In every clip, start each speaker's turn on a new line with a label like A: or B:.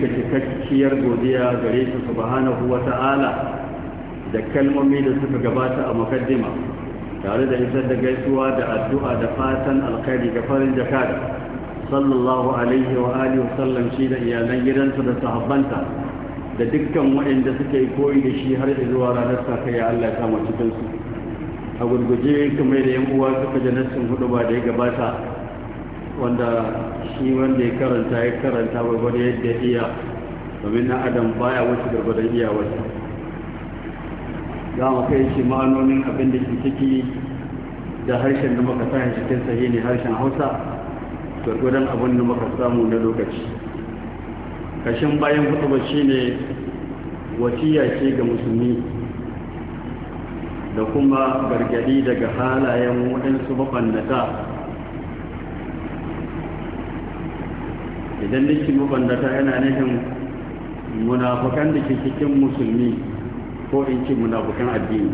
A: da cikakkiyar godiya gare shi subhanahu wa ta'ala da kalmomi da suka gabata a mukaddima tare da isar da gaisuwa da addu'a da fatan alkhairi ga farin jakada sallallahu alaihi wa alihi shi da iyalan gidansa da sahabbanta da dukkan waɗanda suke koyi da shi har zuwa ranar sakaya Allah ya samu cikin su a gurguje kamar da yan uwa suka ji nassin hudu ba da ya gabata wanda shi wanda ya karanta ya karanta gwada yadda iya domin na adam baya wuce iya iyawarsa za mu kai shi ma'anonin abin da ke ciki da harshen da muka sahi cikin sahi ne harshen hausa gwargwadon abin da muka samu na lokaci kashin bayan ba shi ne wasiya ce ga musulmi da kuma gargadi daga halayen waɗansu maɓannata idan nake mabandata yana nufin munafukan da ke cikin musulmi ko in ce munafukan addini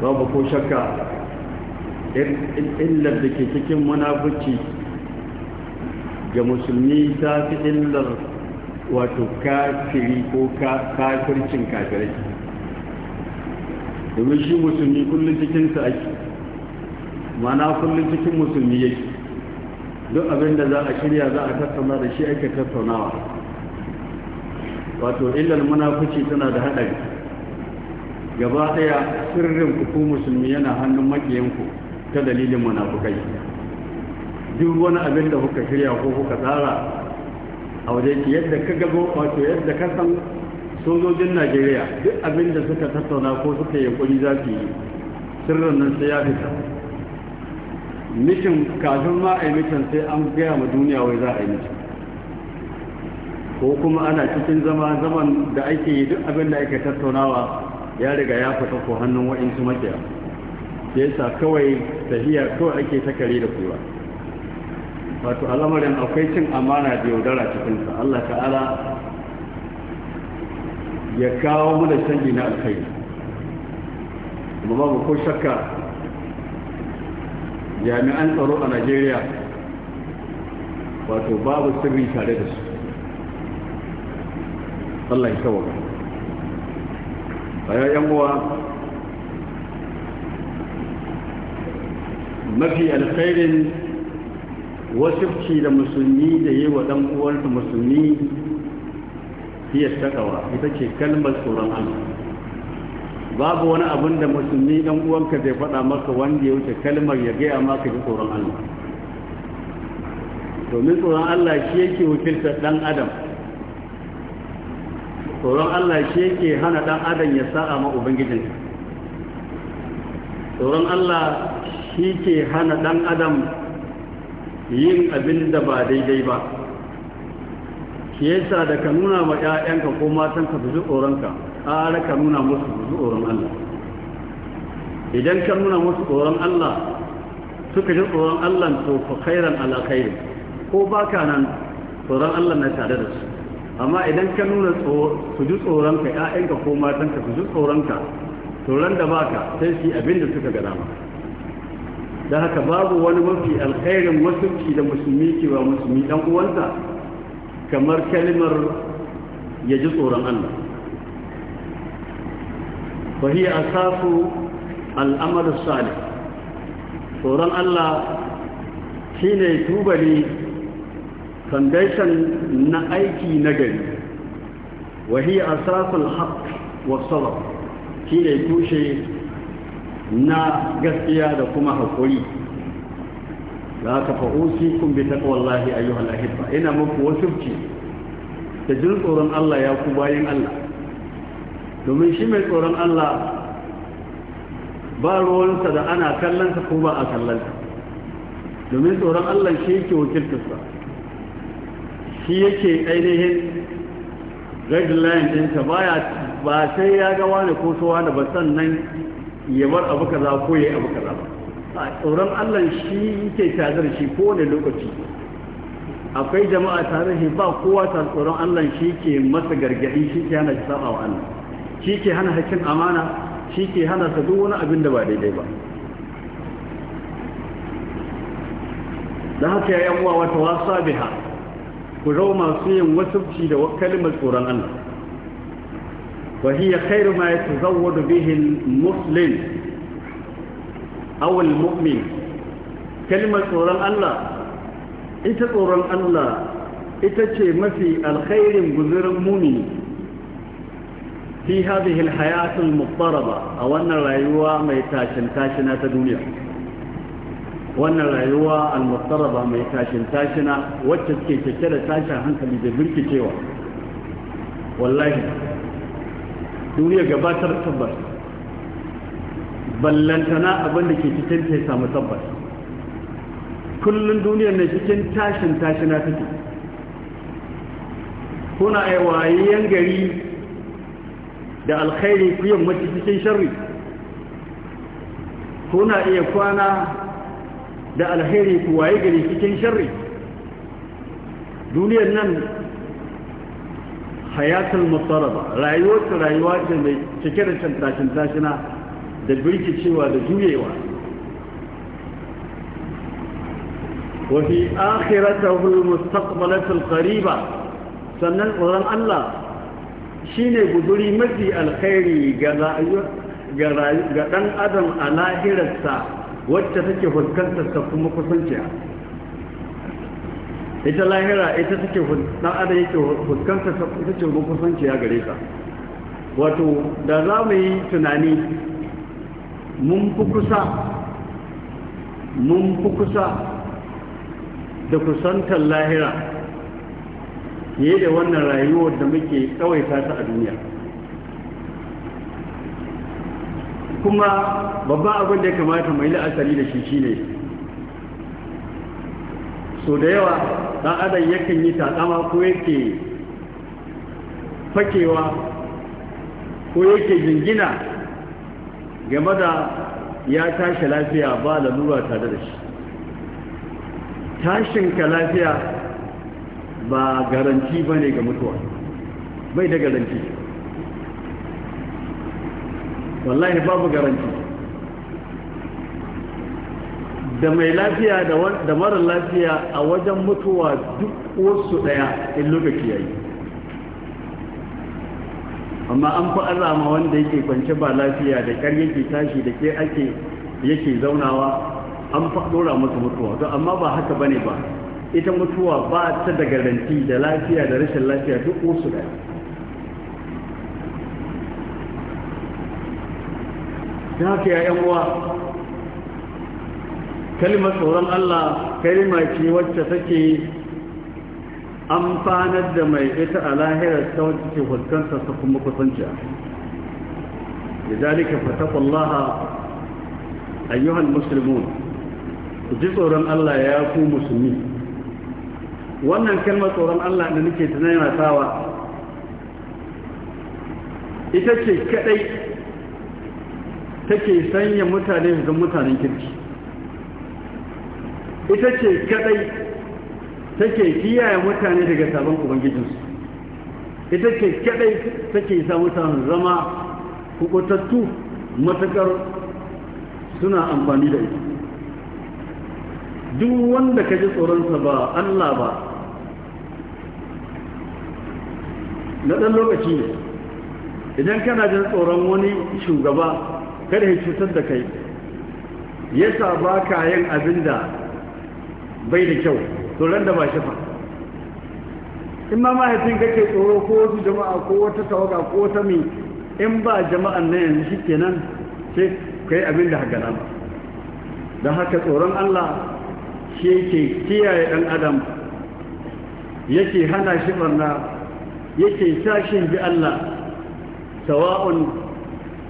A: babu ko shakka illar da ke cikin munafuci ga musulmi ta fi illar wato kafiri ko kafircin kafirai domin shi musulmi kullum cikinsa ake mana kullum cikin musulmi yake duk abin da za a shirya za a tattauna da shi ake tattaunawa wato illar munafuci tana da haɗari gaba ɗaya sirrin ku musulmi yana hannun makiyanku ta dalilin munafukai duk wani abin da kuka shirya ko kuka tsara a wajen yadda ka ga wato yadda ka san sojojin najeriya duk abin da suka tattauna ko suka yi kuri za su yi sirrin nan sai ya fita mishin kafin ma a yi mishin sai an gaya ma duniya wai za a yi mishin ko kuma ana cikin zama zaman da ake yi duk abin da ake tattaunawa ya riga ya fita ko hannun wa'insu makiya ya sa kawai tafiya kawai ake ta kare da kowa? wato al'amarin akwai cin amana da yaudara cikinsa allah ta'ala ya kawo mu da canji na alkhairi amma babu ko shakka jami'an tsaro a najeriya wato babu sirri tare da su Allah saboda. a uwa mafi alkhairin wasifci da musulmi da yi wa ɗan uwansa musulmi fiye takawa ita ce kalmar tsoron Allah babu wani abin da musulmi dan uwanka zai faɗa maka wanda ya wuce kalmar ya gaya maka ji tsoron Allah domin tsoron Allah shi yake wakiltar dan adam tsoron Allah shi yake hana dan adam ya sa'a ma ubangijin tsoron Allah shi ke hana dan adam yin abin da ba daidai ba shi yasa da ka nuna ma 'ya'yanka ko matanka fi ji tsoronka ƙara ka nuna musu tsoron Allah idan ka nuna musu tsoron Allah suka ji tsoron Allah to fa khairan ala khairin ko baka nan tsoron Allah na tare da su amma idan ka nuna su ji tsoron ka ƴaƴanka ko matanka su ji tsoron ka tsoron da baka sai su abin da suka ga dama da haka babu wani mafi alkhairin musulci da musulmi wa musulmi dan uwansa kamar kalmar ya ji tsoron Allah وهي أساس الأمل الصالح tsoron Allah shi ne tubali foundation na aiki na gari wahi asasul haq wa sabr shi ne tushe na gaskiya da kuma haƙuri za ka fa'usi kun bi taƙwallahi ayyuhal ahibba ina muku wasufci da jin tsoron Allah ya ku bayan Allah domin shi mai tsoron Allah ba ruwansa da ana kallonsa ko ba a kallonsa domin tsoron Allah shi yake wakiltarsa shi yake ainihin guideline ɗinsa ba sai ya ga wani ko sowa da ba sannan ya bar abu kaza ko ya yi abu kaza ba a tsoron Allah shi yake tazar shi kowane lokaci akwai jama'a tarihi shi ba kowa ta tsoron Allah shi ke masa gargadi shi ke hana shi sabawa wa Allah shi ke hana hakkin amana shi ke hana sa duk wani abin da ba daidai ba da haka ya uwa wata wasa biha ku zama masu yin wasufci da kalimar tsoron Allah wa hiya khairu ma yatazawwadu bihi al-muslim aw al-mu'min kalimar tsoron Allah ita tsoron Allah ita ce mafi alkhairin guzurin mumini fi hadhihi alhayatul muqtaraba a wannan rayuwa mai tashin tashina ta duniya wannan rayuwa almuqtaraba mai tashin tashina wacce take cike da tashin hankali da birki birkicewa wallahi duniya gabatar tabbas ballantana abin da ke cikin ta samu tabbas kullun duniyar na cikin tashin tashina take kuna aiwayen gari da alkhairi ku yammaci cikin sharri kuna iya kwana da alkhairi ku waye gari cikin sharri duniyar nan hayatul mutaraba rayuwar ta rayuwa ce mai cike da tantashin tashina da birkicewa da juyewa وفي آخرته المستقبلة القريبة sannan tsoron Allah shi ne guduri mafi alkhairi ga ɗan adam a lahirarsa wacce take fuskantar ta kuma kusanciya ita lahira ita take dan adam yake fuskantar ta take kuma kusanciya gare ta wato da za mu yi tunani mun fi kusa mun fi kusa da kusantar lahira fiye da wannan rayuwar da muke kawai ta a duniya kuma babban abin da ya kamata mai la'asari da shi shine so da yawa ɗan adam yakan yi taƙama ko yake fakewa ko yake jingina game da ya tashi lafiya ba lalura tare da shi tashinka lafiya ba garanti ba ne ga mutuwa bai da garanti wallahi babu garanti da mai lafiya da mara lafiya a wajen mutuwa duk wasu daya in lokaci yayi amma an fi arama wanda yake kwance ba lafiya da kar yake tashi da ke ake yake zaunawa an dora masa mutuwa to amma ba haka bane ba ita mutuwa ba ta da garanti da lafiya da rashin lafiya duk wasu da ta haka uwa kalmar tsoron Allah kalma ce wacce take amfanar da mai ita a lahirar ta wacce ke fuskanta ta kuma kusanci da zalika fatakullaha ayyuhal muslimun ku ji tsoron Allah ya ku musulmi wannan kalmar tsoron Allah da nake sawa ita ce kadai take sanya mutane su mutanen kirki ita ce kadai take kiyaye mutane daga sabon ubangijinsu ita ce kadai take sa mutane zama hukutattu matakar suna amfani da ita duk wanda ka ji tsoronsa ba Allah ba na ɗan lokaci ne idan kana jin tsoron wani shugaba kada ya cutar da kai yasa ba ka yin abin da bai da kyau tsoron da ba shi fa in ma mahaifin kake tsoro ko wasu jama'a ko wata tawaga ko wata mai in ba jama'an nan yanzu shi kenan sai ka yi abin da haka nan don haka tsoron allah shi yake kiyaye ɗan adam yake hana shi barna yake tashin bi Allah sawa'un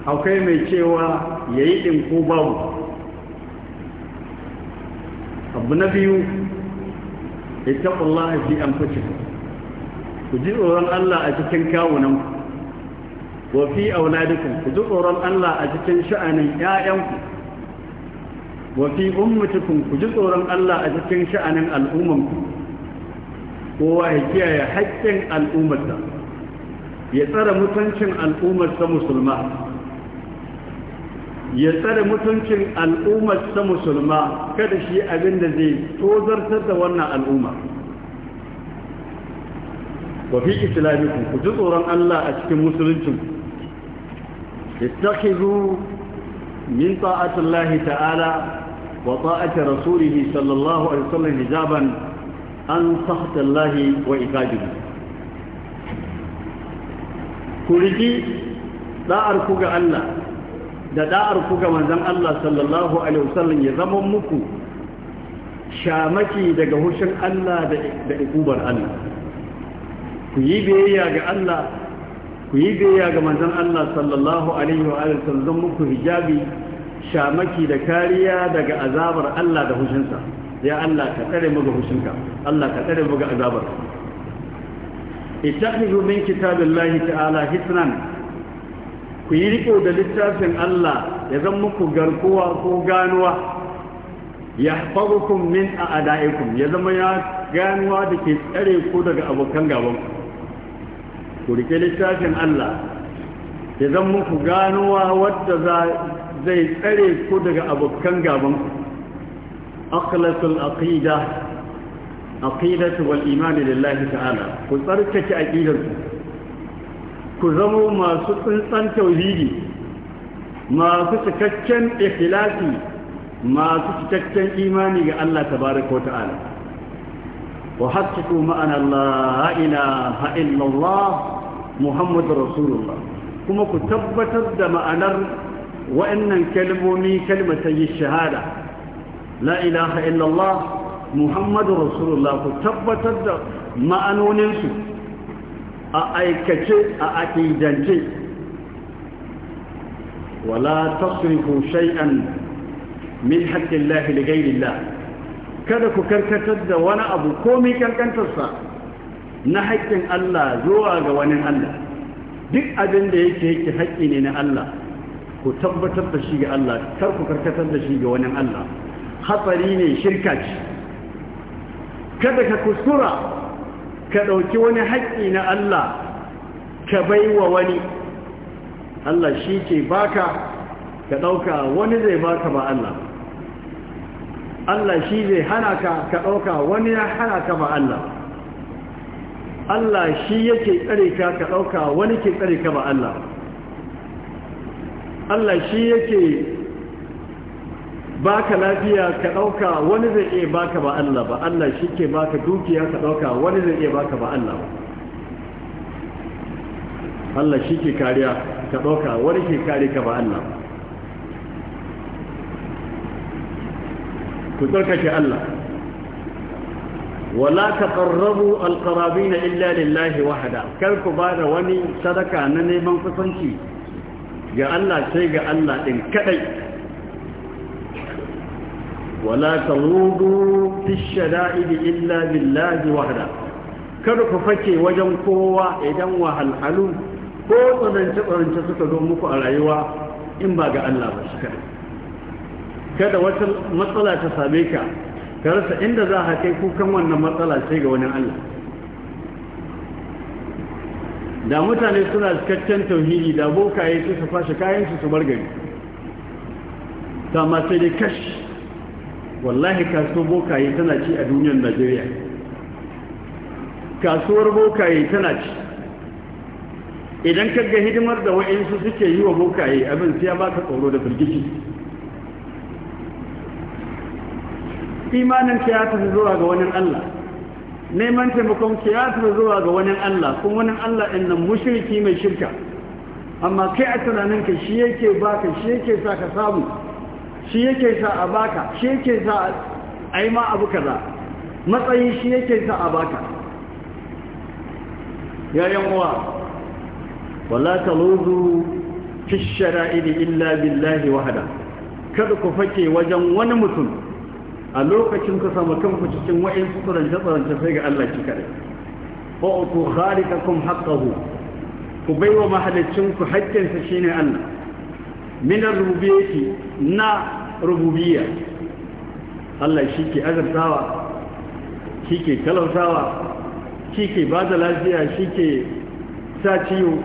A: akwai mai cewa yayi din ko babu abu na biyu ittaqullaha fi anfusikum ku ji tsoron Allah a cikin kawunan ku wa fi auladikum ku ji tsoron Allah a cikin sha'anin ƴaƴanku wa fi ummatikum ku ji tsoron Allah a cikin sha'anin al'ummanku kowa ya kiyaye haƙƙin al'ummarsa ya tsare mutuncin al'ummarsa musulma ya tsare mutuncin al'ummarsa musulma kada shi abin da zai tozartar da wannan al'umma Wafi fi ku ji tsoron Allah a cikin musuluncin ittakhidhu min ta'atillahi ta'ala wa ta'ati rasulihi sallallahu alaihi wasallam hijaban an sahatallahi wa ikadihi ku riki da'ar ku ga Allah da da'ar ku ga manzan Allah sallallahu alaihi wasallam ya zama muku shamaki daga hushin Allah da ikubar Allah ku yi biyayya ga Allah ku yi biyayya ga manzon Allah sallallahu alaihi wa sallam muku hijabi shamaki da kariya daga azabar Allah da hushinsa ya Allah ka tsare mu ga hushinka Allah ka tsare mu ga azabar ittakhidhu min kitabillahi ta'ala hisnan ku yi riko da littafin Allah ya zan muku garkuwa ko ganuwa yahfazukum min a'da'ikum ya zama ya ganuwa da ke tsare ku daga abokan gaban ku rike littafin Allah ya zan muku ganuwa wadda zai tsare ku daga abokan gaban ku أخلص الأقيدة أقيدة والإيمان لله تعالى كثرت أقيدة كزموا ما سنسان توحيدي ما سكتشن إخلاصي ما سكتشن إيماني الله تبارك وتعالى وحققوا معنا لا إله إلا الله محمد رسول الله كما كتبتت معنى وإن كلموني كلمة الشهادة la ilaha illallah muhammadu rasulullah ku tabbatar da ma'anoninsu a aikace a aƙidance wala tasrifu shay'an min haqqillahi li ghayrillah kada ku karkatar da wani abu komai kankantarsa na haƙƙin Allah zuwa ga wani Allah duk abin da yake yake haƙƙi ne na Allah ku tabbatar da shi ga Allah kar ku karkatar da shi ga wani Allah hatsari ne shirka ce kada ka kuskura ka ɗauki wani haƙƙi na Allah ka bai wa wani Allah shi ke baka ka ɗauka wani zai baka ba Allah Allah shi zai hana ka ka ɗauka wani ya hana ka ba Allah Allah shi yake tsare ka ka ɗauka wani ke tsare ka ba Allah Allah shi yake Ba ka lafiya ka ɗauka wani zai iya baka ba Allah ba Allah shi ke baka dukiya ka ɗauka wani zai iya baka ba Allah ba Allah shi ke kariya ka ɗauka wani ke kare ka ba Allah ku tsarkake Allah wala taqarrabu alqarabina illa lillahi wahda kar ku bada wani sadaka na neman kusanci ga Allah sai ga Allah ɗin kadai wala tamudu fi shada'id illa billahi wahda kada ku fake wajen kowa idan wahalhalu ko tsanance tsanance suka zo muku a rayuwa in ba ga Allah ba shi kada kada wata matsala ta same ka ka rasa inda za ka kai kukan wannan matsala sai ga wani Allah da mutane suna cikakken tauhidi da bokaye su su fashe kayan su su bar gari ta ma sai kashi wallahi kasuwar bokaye tana ci a duniyar najeriya kasuwar bokaye tana ci idan ka ga hidimar da wa'insu suke yi wa bokaye abin siya ba ka tsoro da firgici imanin ka ya zuwa ga wani allah neman taimakon ka ya zuwa ga wani allah kuma wani allah in nan mushirki mai shirka amma kai a tunaninka shi yake baka shi yake sa ka samu shi yake sa a baka shi yake sa a yi ma abu kaza matsayi shi yake sa a baka yayan uwa wala taluzu fi shara'id illa billahi wahala. kada ku fake wajen wani mutum a lokacin ku samu kanku cikin wa'in tsorance tsorance sai ga Allah shi kadai fa utu khaliqakum haqqahu ku baiwa mahalicin ku haƙƙinsa shine Allah min rubiyyati na rububiyya Allah shi ke azartawa shi ke talautawa shi ke ba da lafiya shi ke sa ciwo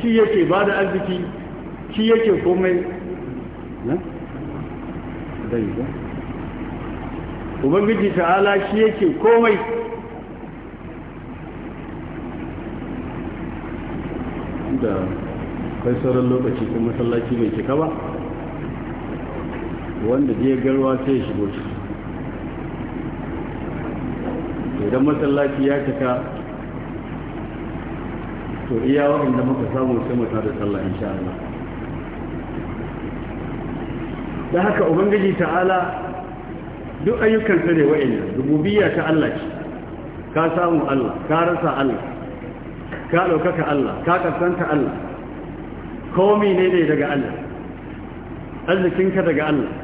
A: shi yake ba da arziki shi yake komai ubangiji ta'ala shi yake komai da kai sauran lokaci kuma masallaci mai cika ba wanda zai garwa sai ya shigo ciki idan masallaci ya cika to iya da muka samu sai mata da sallah insha Allah da haka ubangiji ta'ala duk ayyukansa ne wa'annan rububiyya ta Allah ce ka samu Allah ka rasa Allah ka ɗaukaka Allah ka ƙasanta Allah komi ne ne daga Allah arzikinka daga Allah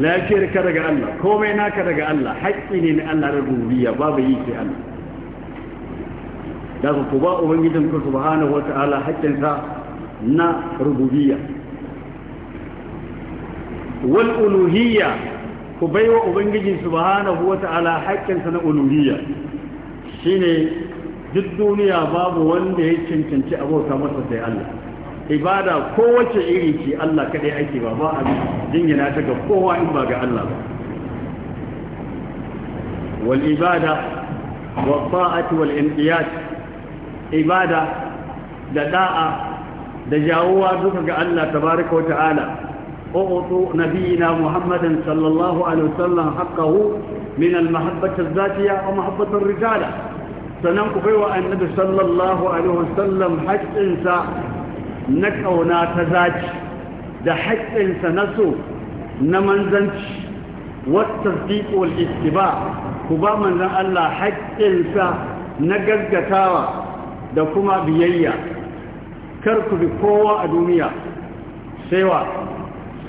A: la ka daga Allah komai naka daga Allah haƙƙi ne na Allah da rububiyya babu yi sai Allah daga ku ba ubangijin ku subhanahu wata'ala sa na rububiyya wal uluhiyya ku baiwa ubangijin subhanahu wata'ala sa na uluhiyya shine duk duniya babu wanda ya cancanci abota masa sai Allah ibada kowace wacce iri ce Allah kadai ake ba ba a jingina ta ga kowa in ba ga Allah ba wal ibada wa ta'ati wal inqiyat ibada da da'a da jawuwa duka ga Allah tabaaraka wa ta'ala أعطوا نبينا محمدا صلى الله عليه وسلم حقه من المحبة الذاتية ومحبة الرجالة سننقفوا النبي صلى الله عليه وسلم حج إنسان na ƙauna ta zaci da haƙƙinsa na so na manzanci wata fiƙol istiba ku ba manzan Allah haƙƙinsa na gaggatawa da kuma biyayya kar ku bi kowa a duniya sai wa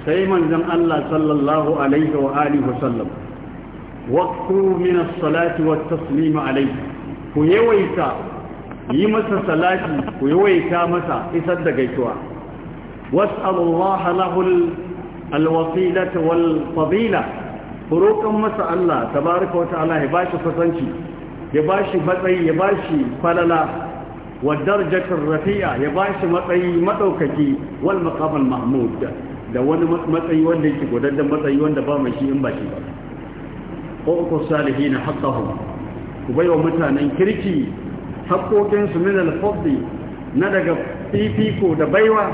A: sai manzan Allah sallallahu alaihi wa alihi wa waqtu min as-salati wat-taslim alayhi ku yawaita yi masa salati ku yawaita masa isar da gaisuwa was'alullaha lahul alwasilata wal fadila roƙon masa Allah tabaraka wa ta'ala ya bashi kusanci ya bashi matsayi ya bashi falala wa darajatul rafi'a ya bashi matsayi madaukaki wal maqamal mahmud da wani matsayi wanda yake da matsayi wanda ba mai shi in ba shi ba ko ku salihin haqqahum ku baiwa mutanen kirki haƙoƙinsu min alfadli na daga fifiko da baiwa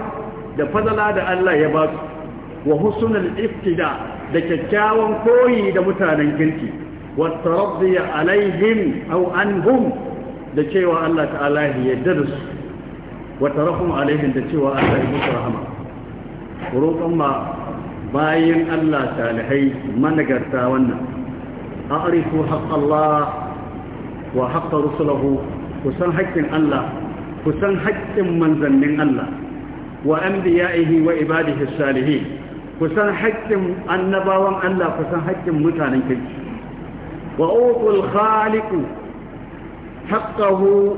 A: da fadala da Allah ya ba su wa husunan iftida da kyakkyawan koyi da mutanen kirki wa taraddi alaihim aw anhum da cewa Allah ta'ala ya yarda da su wa alaihim da cewa Allah ya musu rahama roƙon ma bayin Allah salihai managarta wannan a'rifu Allah wa haqqa rusulahu ku san haƙƙin Allah ku san haƙƙin manzannin Allah wa anbiya'ihi wa ibadihi salihin ku san haƙƙin annabawan Allah ku san haƙƙin mutanen kirki wa utul khaliq haqqahu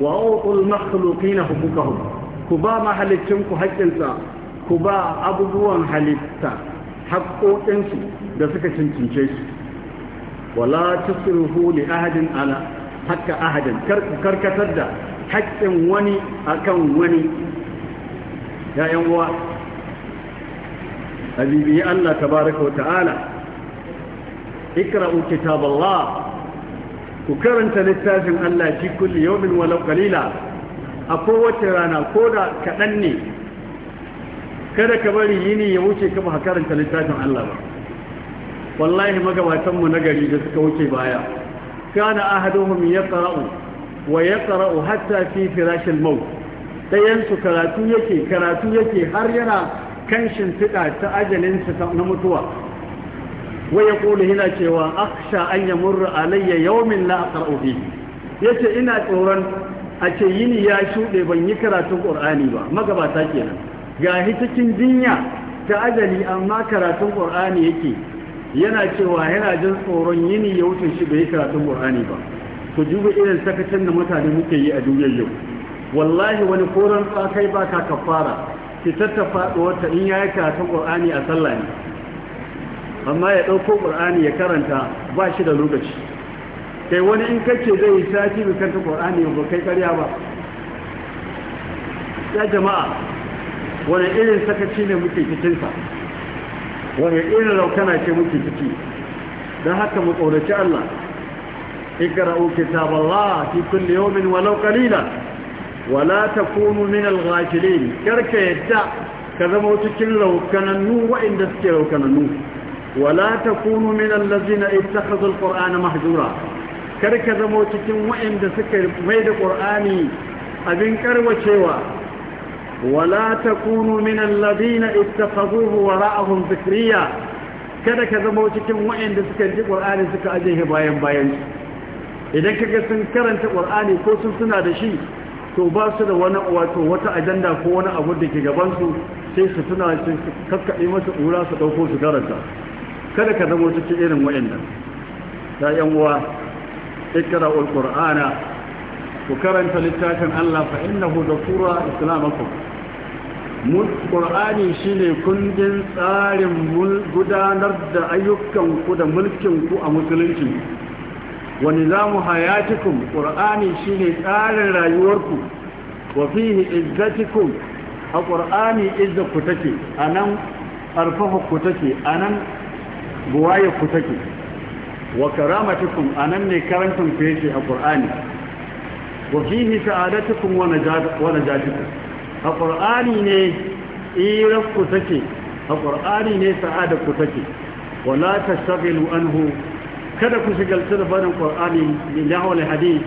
A: wa makhluqina huquqahum ku ba mahalicin ku haƙƙinsa ku ba abubuwan halitta haƙƙoƙinsu da suka cincince su wala tusrifu li ahadin ala hakka ahadin karkatar da haƙƙin wani akan wani ya'yan uwa habibi Allah tabaraka wa ta'ala ikra'u kitaballah ku karanta littafin Allah fi kulli yawmin wa law qalila a kowace rana ko kaɗan ne kada ka bari yini ya wuce ka ba karanta littafin Allah ba wallahi magabatanmu na gari da suka wuce baya كان أحدهم يقرأ ويقرأ حتى في فراش الموت ɗayansu karatu yake karatu yake har yana kan shimfiɗa ta ajalinsa na mutuwa wai ya ƙoli yana cewa aksha an ya murra alayya yawmin la aqra'u fi yace ina tsoron a ce yini ya shuɗe ban yi karatun ƙur'ani ba magabata kenan gahi cikin jinya ta ajali amma karatun ƙur'ani yake yana cewa yana jin tsoron yini ya wuce shi bai karatun Qur'ani ba ku duba irin sakacin da mutane muke yi a duniyar yau wallahi wani koran tsakai ba ka kafara ki tattafa wata in yi karatun Qur'ani a sallah ne amma ya ɗauko Qur'ani ya karanta ba shi da lokaci kai wani in kace zai yi sati bi kanta Qur'ani ba kai karya ba ya jama'a wani irin sakaci ne muke cikin sa wani irin raukana ce muke ciki don haka mu tsoraci Allah ikra'u kitaballah fi kulli min walau qalila wala takunu min al karka yadda ka zama cikin raukanannu wa'inda suke raukanannu wala takunu min allazina ittakhadhu al mahjura karka zama cikin wa'inda suka mai da qur'ani abin karwacewa ولا تكونوا من الذين اتخذوه وراءهم ذكريا kada ka zama cikin wa'anda suka ji Qur'ani suka aje bayan bayan idan kaga sun karanta Qur'ani ko sun suna da shi to ba su da wani wato wata ajanda ko wani abu da ke gaban su sai su tuna su kakkade masa ƙura su dauko su karanta kada ka zama cikin irin wa'annan ta yan uwa ikra'ul qur'ana ku karanta littafin Allah fa innahu zakura islamakum ƙur'ani shi ne kundin tsarin gudanar da ayyukanku da mulkinku a musulunci wani za mu hayatikum ƙur'ani shi ne tsarin rayuwarku wa fihi izzatikum a ƙur'ani ku take a nan ƙarfafa take a nan buwaye ku take wa karamatikum a nan ne karantun fece a ƙur'ani wa fihi sa'adatukum wa najatukum a ƙur'ani ne irar ku take a ƙur'ani ne sa'ada ku take wala ta shagalu kada ku shigalta da barin ƙur'ani min yawon hadis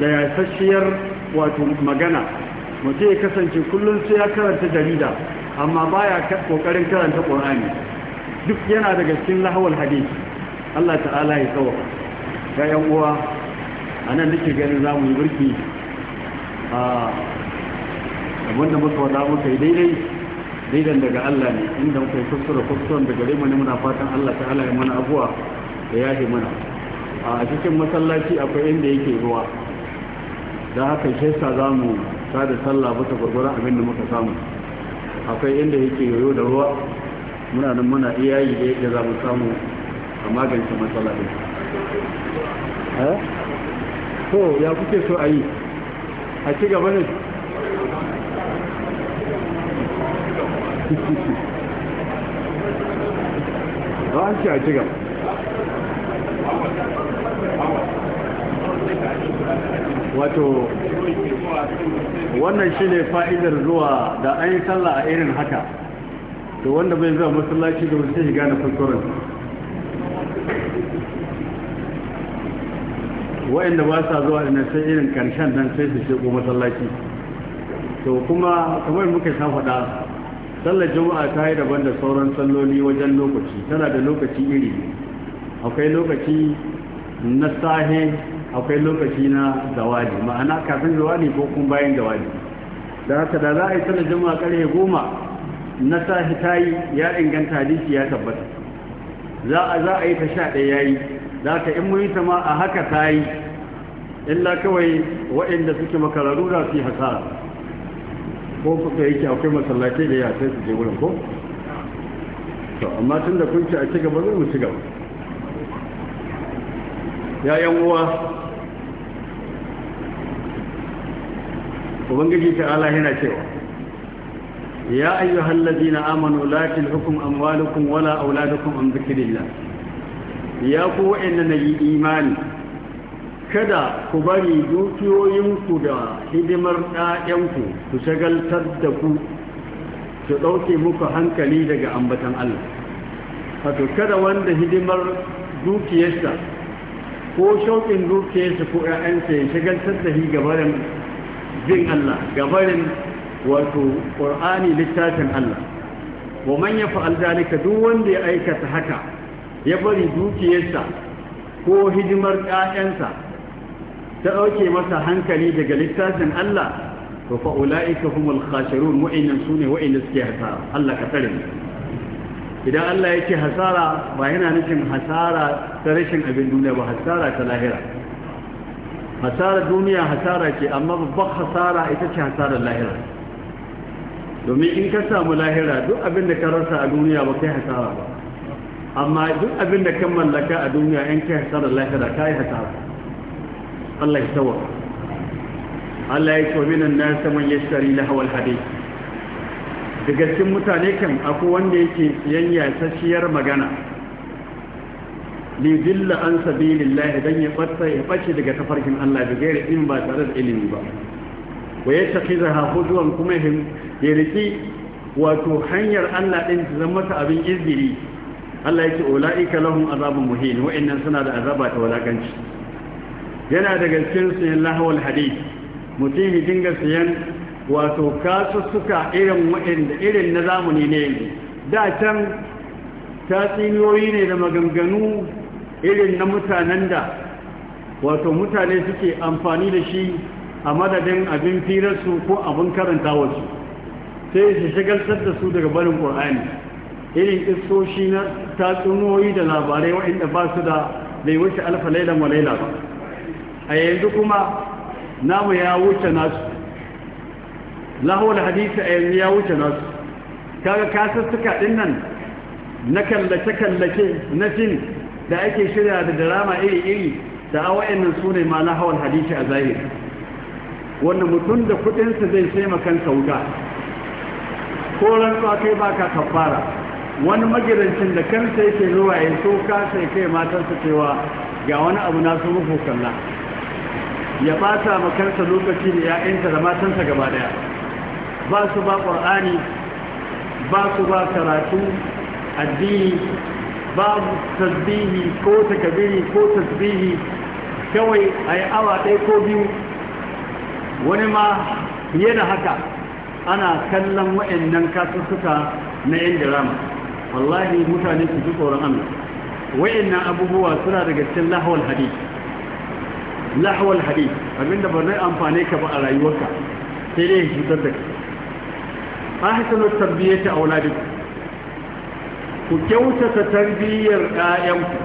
A: da yasasshiyar wato magana mutum ya kasance kullum sai ya karanta jarida amma baya kokarin karanta ƙur'ani duk yana daga cikin lahawar hadi Allah ta'ala ya tsawo ga yan uwa anan nake ganin zamu yi burki a ah, abinda muka wada muka yi daidai daidan daga Allah ne inda muka yi kuskure kuskuren daga rai ne muna fatan Allah ta halaye mana abuwa da yahe mana a cikin masallaci akwai inda yake ruwa da haka shesa za mu sada sallah bisa gwargwaron abin da muka samu akwai inda yake yoyo da ruwa muna nan muna iya yi da yake za mu samu a magance matsala ɗin Ko eh? ya kuke so a yi a ci gaba ne wannan shi ne fa'idar zuwa da an yi sallah a irin haka to wanda bai zuwa masallaci da wasu shiga na fulkurin wa'inda ba sa zuwa ina sai irin karshen nan sai su ko masallaci to kuma kamar muka sha faɗa sallar juma'a ta yi daban da sauran salloli wajen lokaci tana da lokaci iri akwai lokaci na sahe akwai lokaci na zawadi ma'ana kafin zawadi ko kuma bayan zawadi da haka da za a yi sallar juma'a karfe goma na sahe ta yi ya inganta hadisi ya tabbata za a za a yi ta sha ɗaya ya yi da haka in mun ta ma a haka ta yi illa kawai waɗanda suke makararu za su yi hasara ko kuka yake akwai masallatai da yasai su je wurin ko to amma tun da kun ci a cigaba zai mu cigaba yayan uwa ubangiji ta'ala yana cewa ya ayyuhal ladina amanu la tulhukum amwalukum wala auladukum an dhikrillah ya ku wa'annan yi imani kada ku bari dukiyoyinku da hidimar ɗayanku su shagaltar da ku su ɗauke muku hankali daga ambatan Allah wato kada wanda hidimar dukiyarsa ko shauƙin dukiyarsa ko ‘ya'yansa ya shagaltar da shi gabarin bin Allah gabarin wato ƙur'ani littafin Allah wa man ya fa'al dalika duk wanda ya aikata haka ya bari dukiyarsa ko hidimar ‘ya'yansa ta ɗauke masa hankali daga littafin Allah to fa ula'ika humul khasirun wa'annan sune wa'anda suke hasara Allah ka tsare idan Allah yake hasara ba yana nufin hasara ta rashin abin duniya ba hasara ta lahira hasara duniya hasara ce amma babbar hasara ita ce hasarar lahira domin in ka samu lahira duk abin da ka rasa a duniya ba kai hasara ba amma duk abin da kan mallaka a duniya in kai hasarar lahira kai hasara Allah ya tawa Allah ya tawa minan nasa man yashtari lahawal hadith daga cikin mutane kan akwai wanda yake siyayya ta magana li dilla an sabilillah dan ya fata ya daga tafarkin Allah da gairi in ba tare da ilimi ba wa yattakhidha huzuwan kuma ya riki wato hanyar Allah ɗin ta zama ta abin izgiri Allah yake ola'ika lahum azabun muhin wa'annan suna da azaba ta walakanci yana daga cikin yin lahawar hadith mutum ya dinga sayan wato kasussuka irin waɗanda irin na zamani ne yanzu da can tatsuniyoyi ne da maganganu irin na mutanen da wato mutane suke amfani da shi a madadin abin firarsu ko abin karanta wasu sai su shigar da su daga barin ƙur'ani irin isoshi na tatsuniyoyi da labarai waɗanda ba su da bai wuce alfa lailan wa laila ba a yanzu kuma namu ya wuce nasu lahawar hadisi a yanzu ya wuce nasu kaga kasassuka din nan na kallace-kallace na jin da ake shirya da drama iri-iri da awa'in su ne ma hadisi a zahiri wanda mutum da kudinsa zai taimakan sauka ko rantsuwa kai baka kafara wani magirancin da kansa yake zuwa ya so kasa ya kai matansa cewa ga wani abu na su muku kalla ya bata makarsa lokaci da ya'yanta da matansa gaba daya ba su ba ƙwar'ani ba su ba karatu addini ba tasbihi ko takabiri ko tasbihi kawai a yi awa ɗaya ko biyu wani ma fiye da haka ana kallon wa'annan kasussuka na yan dirama wallahi mutane su ji tsoron allah wa'annan abubuwa suna daga cikin lahawar hadisi Lahwal hadith abinda ba zai amfane ka ba a rayuwarka sai dai cutar da kai ahsanu tarbiyati auladikum ku kyautata tarbiyyar ƴaƴanku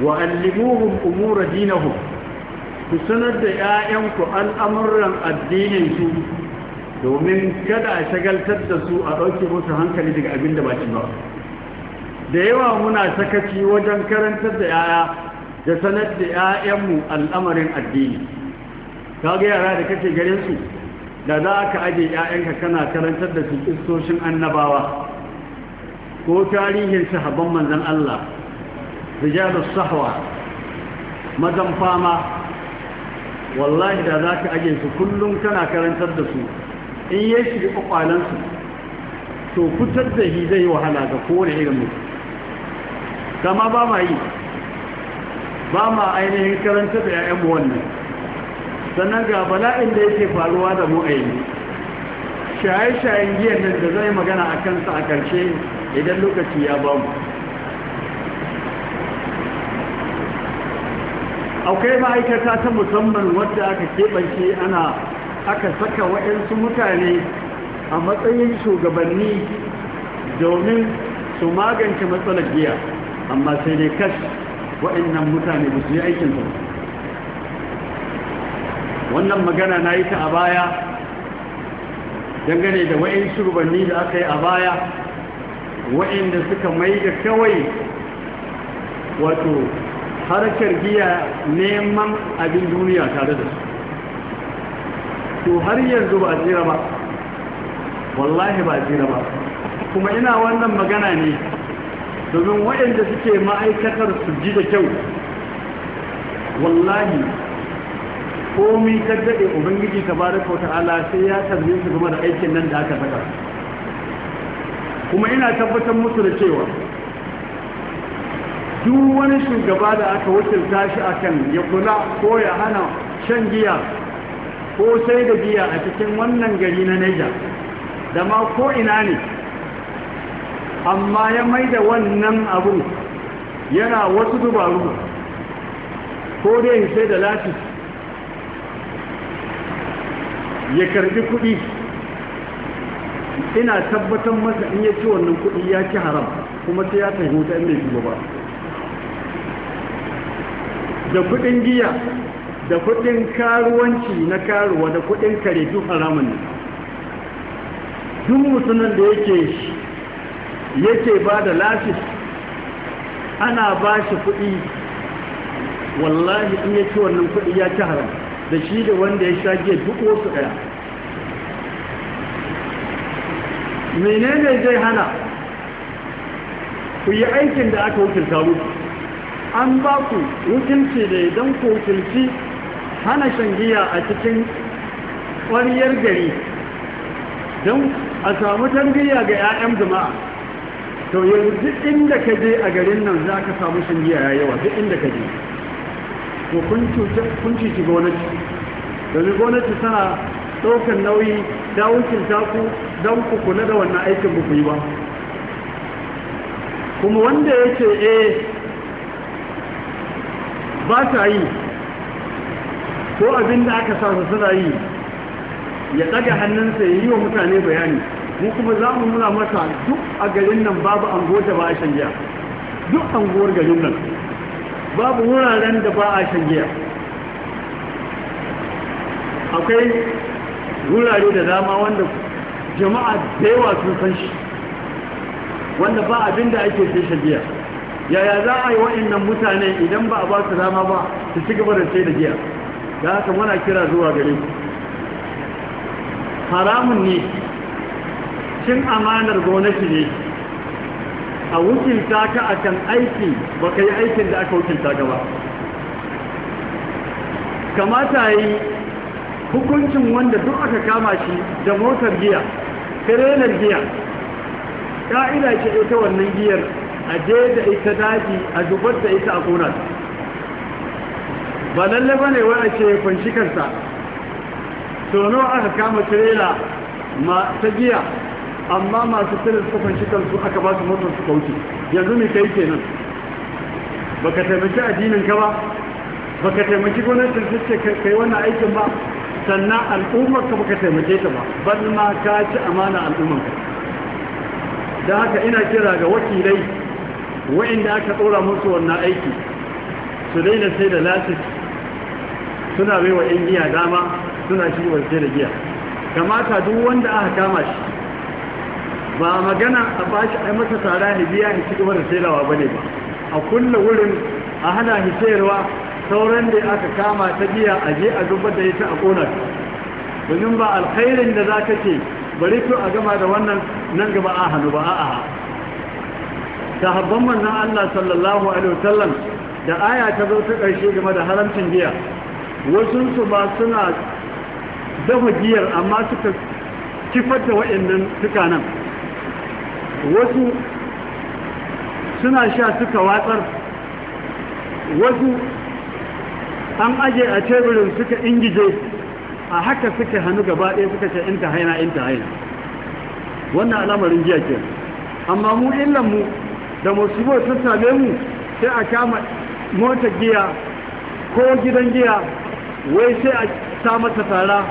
A: wa allimuhum umura dinahum ku sanar da ƴaƴanku al'amuran addinin su domin kada a shagaltar da su a ɗauke musu hankali daga abinda ba ci ba da yawa muna sakaci wajen karantar da yaya da sanar da 'ya'yanmu al'amarin addini ta ga yara da kake garin su da za ka aje 'ya'yanka kana karantar da su kistoshin annabawa ko tarihin sahabban manzan Allah da sahwa mazan fama wallahi da za ka aje su kullum kana karantar da su in yi ya shiga kwakwalansu to fitar da hi zai wahala ga kowane irin mutu kama ba ma yi ba ma ainihin karanta da 'ya'yanmu wannan sannan ga bala'in da yake faruwa da mu aini shaye-shayen giyan nan da zai magana a kansa a karshe idan lokaci ya ba mu akwai ma'aikata ta musamman wadda aka keɓance ana aka saka waɗansu mutane a matsayin shugabanni domin su magance matsalar giya amma sai dai kashi waɗannan mutane ba su yi aikin ba wannan magana na yi ta a baya dangane da wa'in shugabanni da aka yi a baya wa'inda suka mai da kawai wato harkar giya neman abin duniya tare da su to har yanzu ba tsira ba wallahi ba tsira ba kuma ina wannan magana ne domin waɗanda suke ma'aikatar su ji da kyau wallahi komi ta daɗe ubangiji ta bada ta'ala sai ya tarbi su game da aikin nan da aka saka kuma ina tabbatar musu da cewa duk wani shugaba da aka wakilta shi kan ya kula ko ya hana shan giya ko sai da giya a cikin wannan gari na naija da ma ko ina ne amma ya mai da wannan abu yana wasu dubaru ko dai sai da lati ya karbi kuɗi ina tabbatar masa in ya ci wannan kuɗi ya ci haram kuma sai ya tafi inda ya ba da kuɗin giya da kuɗin karuwanci na karuwa da kuɗin kare duk haramun ne duk mutumin da yake yake ba da lafis ana ba shi kuɗi wallahi in ya ci wannan kuɗi ya ci haram da shi da wanda ya sha giya duk wasu ɗaya menene zai hana ku yi aikin da aka wukilta muku an ba ku wakilci da idan ku wakilci hana shan giya a cikin ƙwariyar gari don a samu tarbiyya ga 'ya'yan jama'a to yanzu duk inda ka je a garin nan za ka samu shan giya ya yawa duk inda ka je to kun cuci gwamnati domin gonaci tana ɗaukar nauyi dawukin taku don ku kula da wannan aikin ku yi ba kuma wanda ya ce e ba ta yi ko abinda aka sa su suna yi ya ɗaga hannunsa ya yi wa mutane bayani mu kuma za mu nuna masa duk a garin nan babu an da ba a shan giya duk gowar garin nan babu wuraren da ba a shan giya akwai wurare da dama wanda jama'a da yawa sun san shi wanda ba abin da ake sai shan giya yaya za a yi nan mutane idan ba a ba su dama ba su ci gaba da sai da giya da haka muna kira zuwa gare ku haramun ne cikin amanar shi ne a wukinta ka akan aiki ba ka yi aikin da aka wukinta gaba kamata yi hukuncin wanda duk aka kama shi da motar giya tirelar giya ƙa'ida ce ita wannan giyar a je da ita daji a zubar da ita a kona ba lalle ba ne wani ce kwanci kansa tono aka kama tirela ma ta giya amma masu sirri suka fanshi kansu aka ba su motar su kauce yanzu mai kai kenan ka taimaki addinin ka ba Ba ka taimaki gwamnatin ka kai wannan aikin ba sannan al'ummar ka ka taimake ta ba Ban ma ka ci amana al'ummar ka da haka ina kira ga wakilai wa'inda aka tsora musu wannan aiki su daina sai da lasis suna bai wa 'yan giya dama suna shi wa da giya kamata duk wanda aka kama shi ba magana a bashi ai masa tara biya ya ci gaba da ba bane ba a kulle wurin a hana hisayarwa sauran da aka kama ta biya a je a zubar da ita a kona ta domin ba alkhairin da za ka ce bari to a gama da wannan nan gaba a hannu ba a'a habban manzon Allah sallallahu alaihi wasallam da aya ta zo ta karshe game da haramcin biya. wasu su ba suna dafa giyar amma suka kifar da waɗannan tukanan wasu suna sha suka watsar wasu an aje a teburin suka ingije a haka suka hannu gaba ɗaya suka ce inta haina inta haina wannan al'amarin jiya ke amma mu illan mu da musibo sun same mu sai a kama mota giya ko gidan giya wai sai a samata tara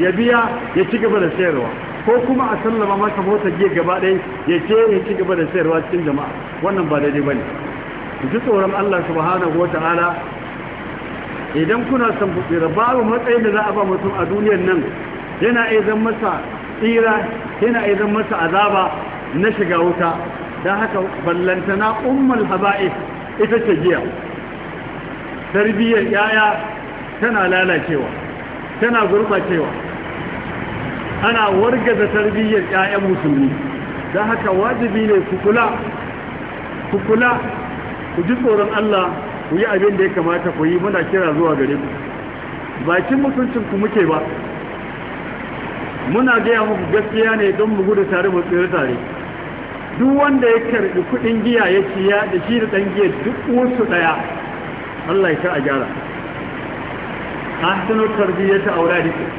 A: ya biya ya ci gaba da sayarwa ko kuma a sallama maka motar giya gaba ɗaya ya ce ya ci gaba da sayarwa cikin jama'a wannan ba daidai ba ne ji tsoron Allah subhanahu wa ta'ala idan kuna son fufira babu matsayin da za a ba mutum a duniyar nan yana idan masa tsira yana idan masa azaba na shiga wuta don haka ballantana ummul haba'is ita ce giya tarbiyyar yaya tana lalacewa tana gurɓacewa ana wargaza tarbiyyar 'ya'yan musulmi don haka wajibi ne ku kula ku ji tsoron Allah ku yi abin da ya kamata ku yi muna kira zuwa gare ku bakin mutuncin ku muke ba muna gaya muku gaskiya ne don mu gudu tare mu tsere tare duk wanda ya karbi kuɗin giya ya ci ya da shi da dan giya duk wasu daya Allah ya sa a gyara ahsanu tarbiyata auladikum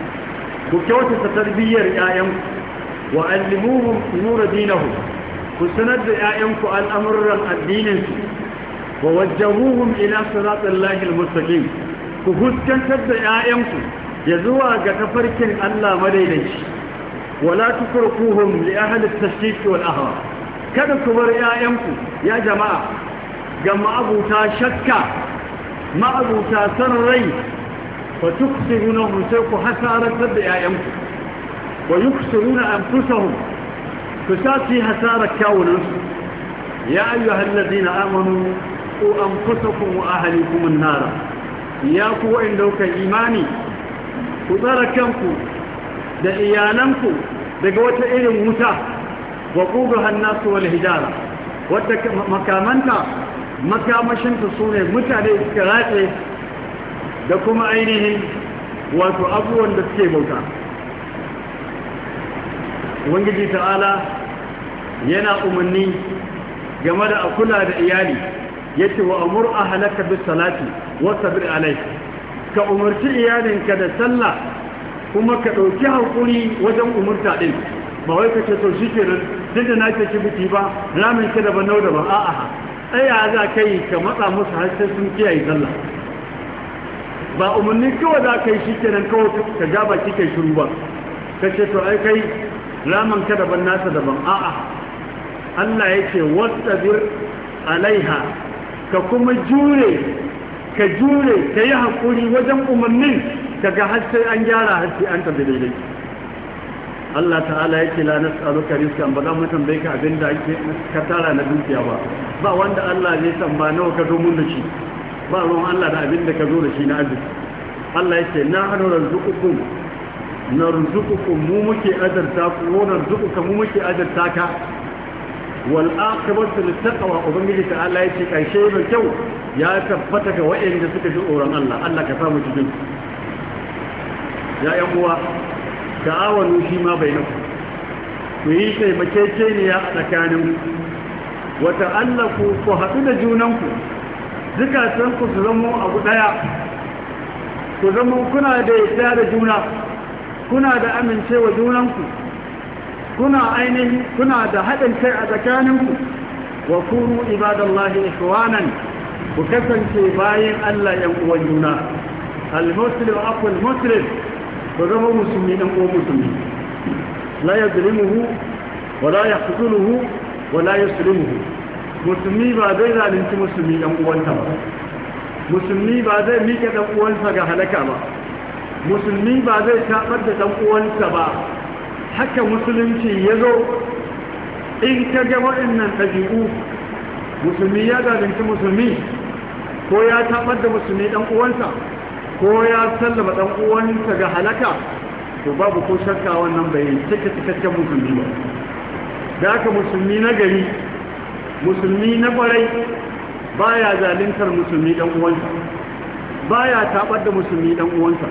A: ku kyautata tarbiyyar ƴaƴanku wa allimuhum umura dinahum ku sanar da ƴaƴanku al'amuran addinin su wa wajjahuhum ila siratil lahi almustaqim ku huskantar da ƴaƴanku ya zuwa ga tafarkin Allah madaidaici wala tukurkuhum li ahli at-tashkik wal ahwa kada ku bar ƴaƴanku ya jama'a ga ma'abuta shakka ma'abuta san rai fa tuksirunahum sai ku hasarantar da ƴaƴanku wa yuksiruna anfusahum ku sa su hasara kyawunansu ya ayyuhal ladina amanu ku anfusakum wa ahlikum an-nara ya ku wa'inda kuka imani ku tsara kanku da iyalanku daga wata irin wuta wa qubuha an-nasu hijara wadda makamanta makamashinta sune mutane suka ratse da kuma ainihin wato abubuwan da suke bauta ubangiji ta'ala yana umarni game da kula da iyali yace wa amur ahlaka bis salati wa sabir ka umarci iyalinka da sallah kuma ka ɗauki hakuri wajen umarta ɗin. ba wai ce to shikenan duk da nake ci biki ba ramin ki da banau da ba a'a ai ya za kai ka matsa musu har sai sun kiyaye sallah ba umarni kawai za ka yi shi kenan kawai ka ja baki kai shiru ba ka ce to ai kai laman ka daban nasa daban a'a Allah ya ce bir alaiha ka kuma jure ka jure ka yi haƙuri wajen umarnin ka ga har an gyara har sai an tabi daidai Allah ta'ala ya ce la nas'aluka rizqan ba za mu tambaye ka abinda ake ka tara na dukiya ba ba wanda Allah zai san ba nawa ka zo mun da shi ba ruwan Allah da abin da ka zo da shi na arziki Allah ya ce na hannu ranzukukum na ranzukukum mu muke azarta ku na ranzukuka mu muke azarta ka wal aqibatu littaqwa ubangiji ta Allah ya ce karshe mai kyau ya tabbata ga waɗanda suka ji tsoron Allah Allah ka samu cikin ya ƴan uwa ta'awanu shi ma bai naku ku yi taimakekeniya a tsakaninku wata allaku ku haɗu da junanku zukatanku su zama abu ɗaya ku zama kuna da yadda da juna kuna da amincewa junanku kuna ainihin kuna da haɗin kai a tsakaninku wa kuru ibadallahi ikhwanan ku kasance bayan Allah yan uwan juna al-muslim aqul muslim ku zama musulmi dan uwan musulmi la yadrimuhu wa la yaqtuluhu wa la yuslimuhu musulmi ba zai zalunci musulmi dan uwanta ba musulmi ba zai miƙe dan uwansa ga halaka ba musulmi ba zai taɓar da dan uwansa ba haka musulunci ya zo in ka ga waɗannan ɗabi'u musulmi ya zalunci musulmi ko ya taɓar da musulmi dan uwansa ko ya sallama dan uwansa ga halaka to babu ko shakka wannan bai cike cikakken musulmi ba da haka musulmi na gari musulmi na kwarai ya zalintar musulmi dan uwansa ya tabar da musulmi dan uwansa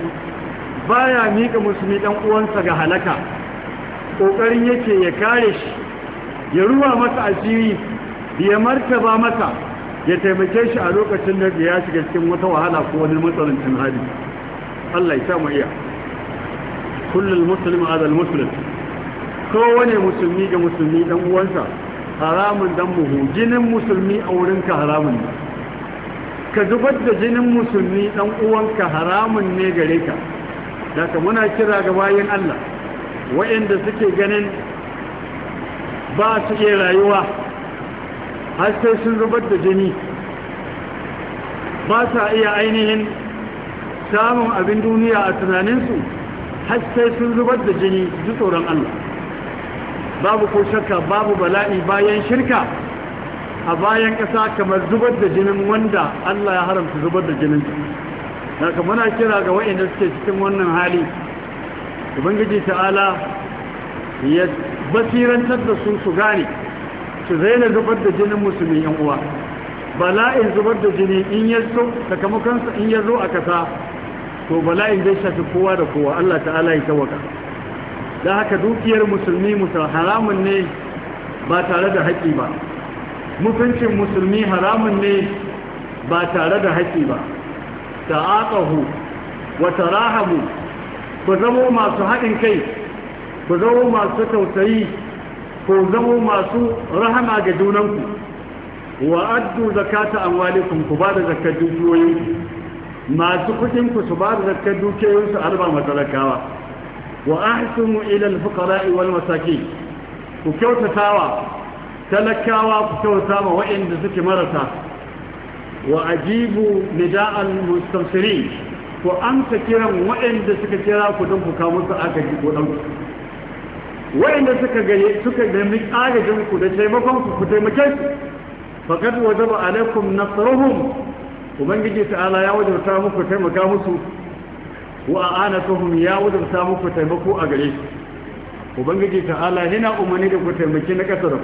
A: ya miƙa musulmi dan uwansa ga halaka kokarin yake ya kare shi ya ruwa masa asiri ya martaba masa ya taimake shi a lokacin da ya shiga cikin wata wahala ko wani matsalancin hali Allah ya samu iya kullul muslim ala al muslim kowane musulmi ga musulmi dan uwansa haramun muhu, jinin musulmi a wurinka haramun ne ka zubar da jinin musulmi dan uwanka haramun ne gare ka daga muna kira ga bayan Allah waɗanda suke ganin ba su iya rayuwa har sai sun zubar da jini ba sa iya ainihin samun abin duniya a tunaninsu har sai sun zubar da jini ji tsoron Allah babu ko shakka babu bala'i bayan shirka a bayan ƙasa kamar zubar da jinin wanda Allah ya haramta zubar da jinin daga muna kira ga waɗanda suke cikin wannan hali ubangiji ta'ala ya basirantar da su su gane su zaina zubar da jinin musulmi yan uwa bala'in zubar da jini in ya so sakamakonsa in ya zo a ƙasa to bala'in zai shafi kowa da kowa Allah ta'ala ya tawaka don haka dukiyar musulmi musulmi haramun ne ba tare da haƙƙi ba mutuncin musulmi haramun ne ba tare da haƙƙi ba Ta aƙahu wata rahamu ku zamo masu haɗin kai ku zamo masu tausayi ku zamo masu rahama ga junanku wa addu zakata walikun ku ba da zakar dukiyoyinku masu kuɗinku su ba da zakar dukiyoyinsu arba matalakawa wa ahsinu ila al-fuqara'i wal masakin ku kyautatawa talakawa ku kyautatawa waɗanda suke marasa wa ajibu nida'al mustamsirin ku amsa kiran waɗanda suka kira ku don ku kawo musu agaji ko dan waɗanda suka gaye suka nemi agajin ku da taimakon ku ku taimake su faqad wajaba alaikum nasruhum ubangiji ta'ala ya wajabta muku taimaka musu wa anatuhum ya wudurta muku taimako a gare shi ubangiji ta'ala yana umarni da ku taimaki na kasar ku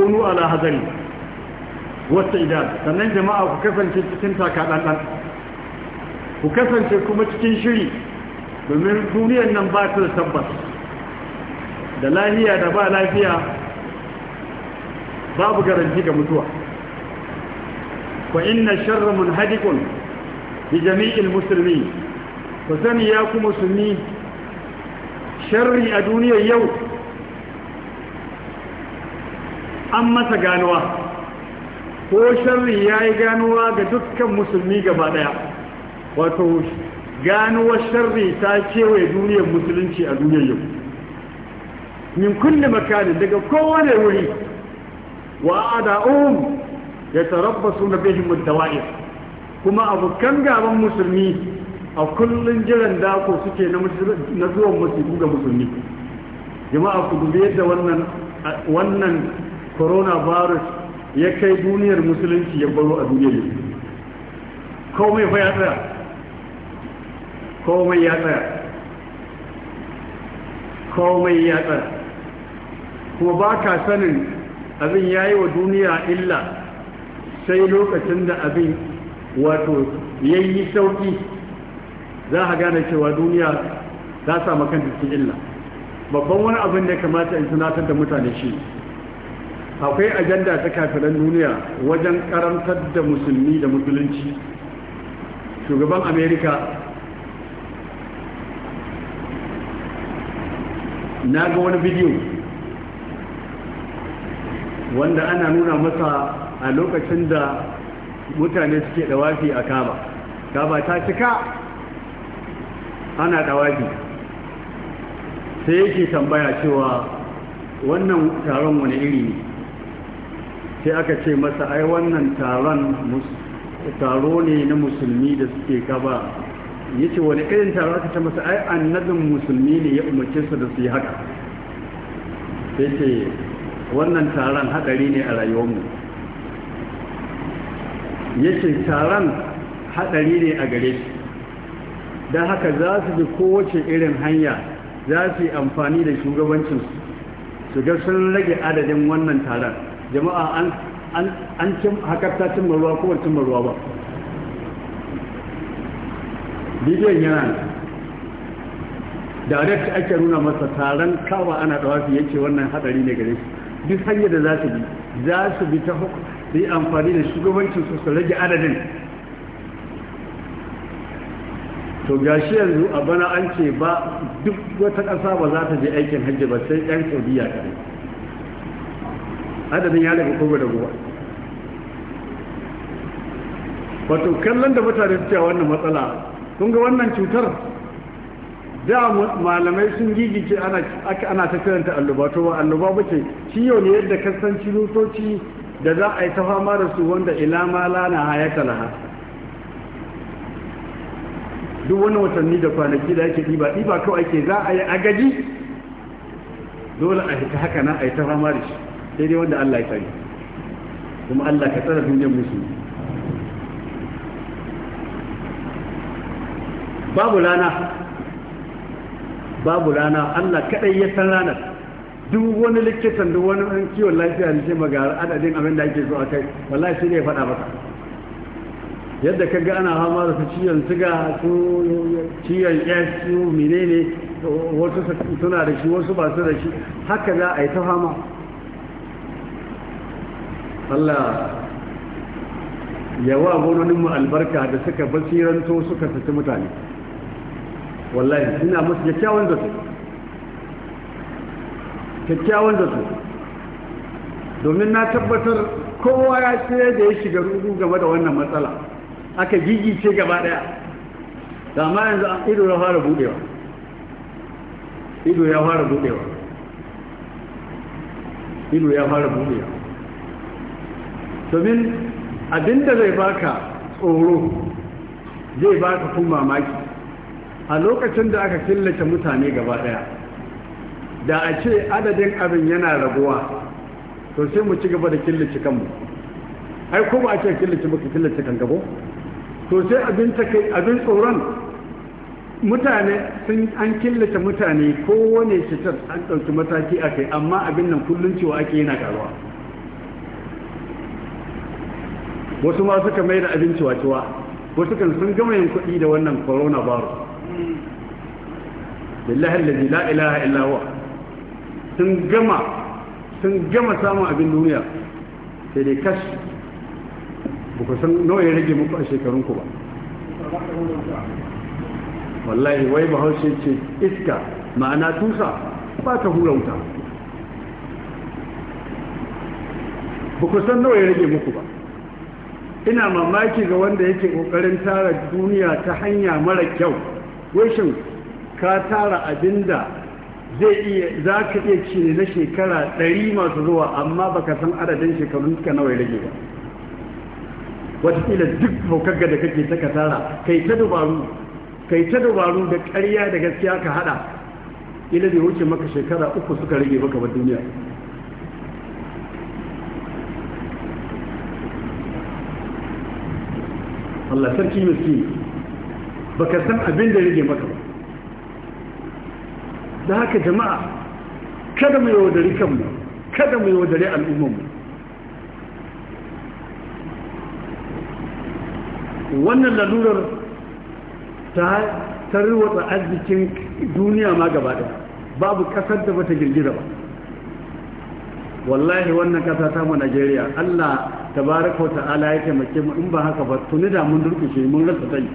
A: kunu ala hazari wata idan sannan jama'a ku kasance cikin taka ɗanɗan ku kasance kuma cikin shiri domin duniyar nan ba ta da tabbas da lafiya da ba lafiya babu garanti ga mutuwa fa inna sharra munhadikun bi jami'il musulmi ku sani ya ku musulmi sharri a duniyar yau an masa ganuwa ko sharri ya yi ganuwa ga dukkan musulmi gaba daya wato ganuwar sharri ta kewaye duniyar musulunci a duniyar yau min kulle makanin daga kowane wuri wa ada'um ya tarabbasu na bihin mutawa'ir kuma abokan gaban musulmi a kullun jiran dako suke na zuwan musulmi ga musulmi jama'a ku dubi yadda wannan coronavirus ya kai duniyar musulunci ya baro a duniyar yau komai fa ya tsaya komai ya tsaya komai ya tsaya kuma ba ka sanin abin ya yi wa duniya illa sai lokacin da abin wato yayi sauki za a gane cewa duniya ta samu kan cikin illa babban wani abin da kamata in tunatar da mutane shi akwai ajanda ta kafiran duniya wajen karantar da musulmi da musulunci shugaban amerika na ga wani bidiyo wanda ana nuna masa a lokacin da mutane suke wafi a kaba kaba ta cika ana wafi sai yake tambaya cewa wannan taron wani iri ne sai aka ce masa ai wannan taron taro ne na musulmi da suke kaba ya ce wani irin taro aka ce masa ai annabin musulmi ne ya umarce su da su yi haka sai ce wannan taron haɗari ne a rayuwarmu yake taron haɗari ne a gare shi don haka za su bi kowace irin hanya za su yi amfani da shugabancinsu su ga sun rage adadin wannan taron jama'a an cin cimma ruwa kuma kowar cin maruwa ba bidiyon yana direct ake nuna masa taron kawa ana dawafi yake wannan haɗari ne gare shi duk hanyar da za su bi za su bi ta da yi amfani da shugabancin su su rage adadin to gashi yanzu a bana an ce ba duk wata ƙasa ba za ta je aikin hajji ba sai 'yan saudiya kaɗai adadin ya daga kogo da ruwa. wato kallon da mutane suke wannan matsala sun ga wannan cutar da malamai sun gigice ana ta karanta alluba to ba alluba ba ce ciyo ne yadda kasanci rutoci da za a yi ta fama da su wanda ilama lana haya kalaha duk wani watanni da kwanaki da yake ɗiba ɗiba kawai ake za a yi agaji dole a hita haka nan a yi ta fama da shi sai dai wanda Allah ya tsari kuma Allah ka tsara duniyar musu babu rana babu rana Allah kaɗai ya san ranar duk wani likitan duk wani an kiwon lafiya da ke magana adadin abin da ake so a kai wallahi shi ne ya faɗa maka yadda ka ga ana hama da su ciwon siga su ciwon s su menene wasu suna da shi wasu ba su da shi haka za a yi ta hama Allah yawa gononinmu albarka da suka basiranto suka saki mutane wallahi ina musu kyakkyawan zato kyakkyawan da su domin na tabbatar kowa ya ce da ya shiga rugu game da wannan matsala aka gigice gaba daya da ma yanzu ido ya fara budewa ido ya fara budewa ido ya fara budewa domin abinda zai baka tsoro zai baka kuma mamaki a lokacin da aka killace mutane gaba daya da a ce adadin abin yana raguwa to sai mu ci gaba da killace kanmu ai ko ba a ce killace muka killace kan gabo to sai abin take abin tsoron mutane sun an killace mutane kowane shitar an ɗauki mataki a kai amma abin nan kullum cewa ake yana karuwa wasu ma suka mai da abin ciwa wasu kan sun gama yin kuɗi da wannan coronavirus billahi la ilaha huwa sun gama sun gama samun abin duniya sai dai kash ba ku san nawa ya rage muku a shekarunku ba wallahi wai ba haushe ce iska ma'ana tusa ba ta hula wuta ba ku san nawa ya rage muku ba ina mamaki ga wanda yake kokarin tara duniya ta hanya mara kyau wai ka tara abinda zai iya za ka iya ce na shekara ɗari masu zuwa amma baka san adadin shekarun suka nawa rage ba wataƙila duk haukar da kake ta kasara kai ta dubaru kai ta dubaru da ƙarya da gaskiya ka haɗa ila da wuce maka shekara uku suka rage maka ba duniya Allah sarki miski baka san abin da rage maka ba da haka jama'a kada mu yaudari kanmu kada mu yaudari al'ummanmu wannan lalurar ta tarwata arzikin duniya ma gaba ɗaya babu ƙasar da bata girgira ba wallahi wannan ƙasa ta mu Najeriya Allah tabaraka wa ta'ala ya taimake mu in ba haka ba tuni da mun durkushe mun rasa tsayi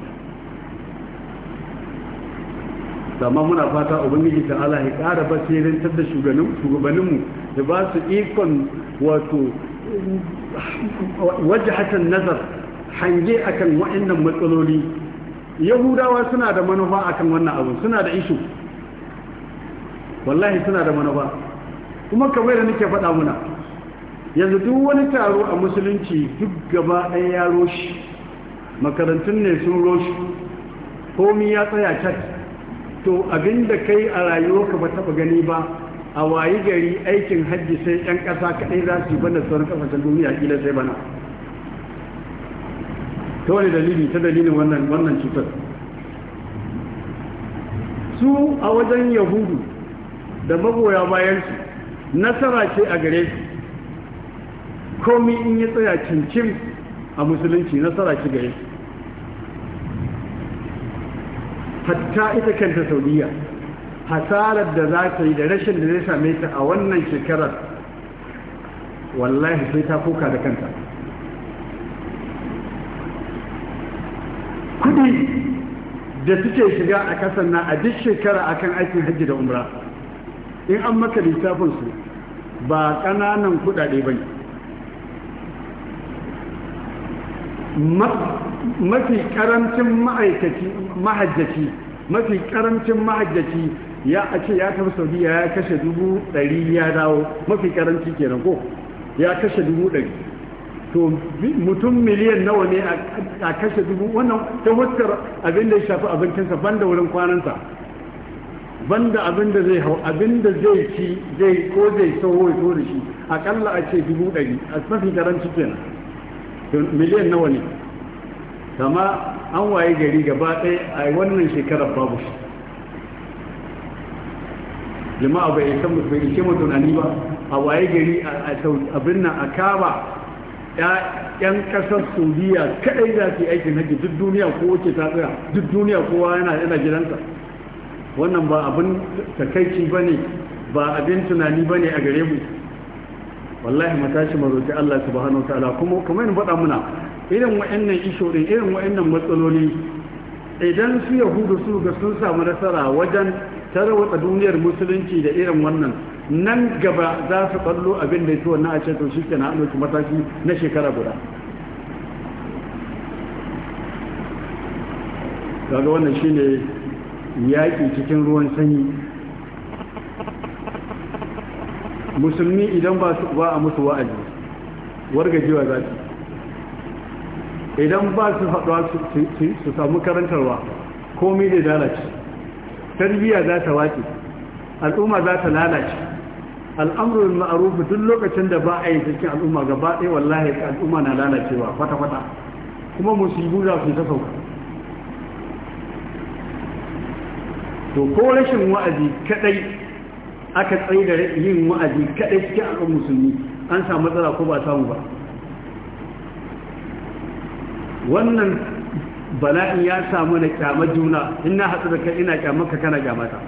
A: ma muna fata ubangiji ta Allah ya ƙara basirin da shugabannin shugabanninmu da ba su ikon wato wajhatan nazar hange akan wa'annan matsaloli yahudawa suna da manufa akan wannan abu suna da ishu wallahi suna da manufa kuma kamar da nake faɗa muna yanzu duk wani taro a musulunci duk gaba ɗaya ya roshi makarantun ne sun roshi komi ya tsaya cikin to abinda kai a rayuwarka ba taɓa gani ba a wayi gari aikin hajji sai 'yan ƙasa kaɗai za su yi banda sauran ƙasashen duniya ƙila sai bana ta wani dalili ta dalilin wannan cutar su a wajen yahudu da magoya bayansu nasara ce a gare su komi in ya tsaya cincin a musulunci nasara ce gare su hatta ita kanta saudiya hasarar da za ta yi da rashin da zai same ta a wannan shekarar wallahi sai ta kuka da kanta kudi da suke shiga a kasar na a duk shekara akan aikin hajji da umra in an maka lissafinsu ba ƙananan kudade ba ne mafi karancin ma'aikaci mahajjaci mafi karancin mahajjaci ya a ce ya tafi saudiya ya kashe dubu ɗari ya dawo mafi karanci kenan ko ya kashe dubu ɗari to mutum miliyan nawa ne a kashe dubu wannan ta huskar abin da ya shafi abincinsa ban da wurin kwanansa da abin da zai hau abin da zai ci zai ko zai sauwo ya da shi akalla a ce dubu ɗari a mafi karanci kenan miliyan nawa ne kama an waye gari gaba ɗaya a wannan shekarar babu shi jama'a bai san bai ishe ba a waye gari a abin a kaba yan kasar saudiya kadai za su yi aikin hajji duk duniya ko wace ta tsaya duk duniya kowa yana yana gidansa wannan ba abin takaici ba ne ba abin tunani ba ne a gare mu wallahi matashi mazoci allah subhanahu wa ta'ala kuma kuma yin faɗa muna irin wa'annan isho irin wa'annan matsaloli idan su yahudu su ga sun samu nasara wajen tarwata duniyar musulunci da irin wannan nan gaba za su kallo abin da yake wannan a ce to shike na ɗauki mataki na shekara guda kaga wannan shine yaƙi cikin ruwan sanyi musulmi idan ba su ba a musu wa'azi wargajewa za su idan ba su faɗuwa su samu karantarwa komai da lalace tarbiyya za ta waƙi al'umma za ta lalace al'amurin ma'arufu duk lokacin da ba a yi cikin al'umma gaba ɗaya wallahi al'umma na lalacewa kwata-kwata kuma musibu za su ta sauka to ko rashin wa'azi kadai aka tsaye da yin wa'azi kadai cikin al'ummar musulmi an samu matsala ko ba samu ba wannan bala'in ya samu da kyamar juna ina hatsu da kai ina ka kana kyamata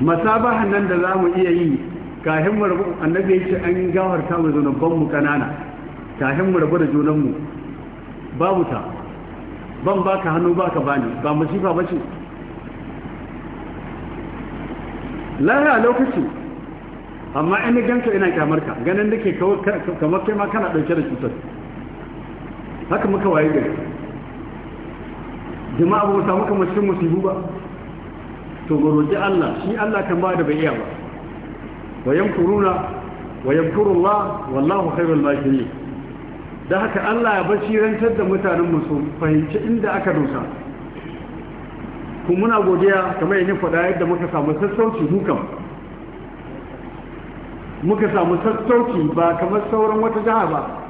A: masabahan nan da za mu iya yi kahin mu rabu annabi yace an gawarta mu zunuban mu kanana kahin mu rabu da junan mu babu ta ban baka hannu baka bani ba ba bace lara lokaci amma ina ganka ina kyamarka ganin dake kamar kai ma kana dauke da cutar haka muka waye gari jama'a ba mu samu kamar cikin musibu ba to mu roƙi Allah shi Allah kan ba da bai iya ba wa yamkuruna wa yamkurullah wallahu khairul makirin da haka Allah ya basirantar da mutanen mu su fahimci inda aka dosa kuma muna godiya kamar yin faɗa yadda muka samu sassauci dukan muka samu sassauci ba kamar sauran wata jaha ba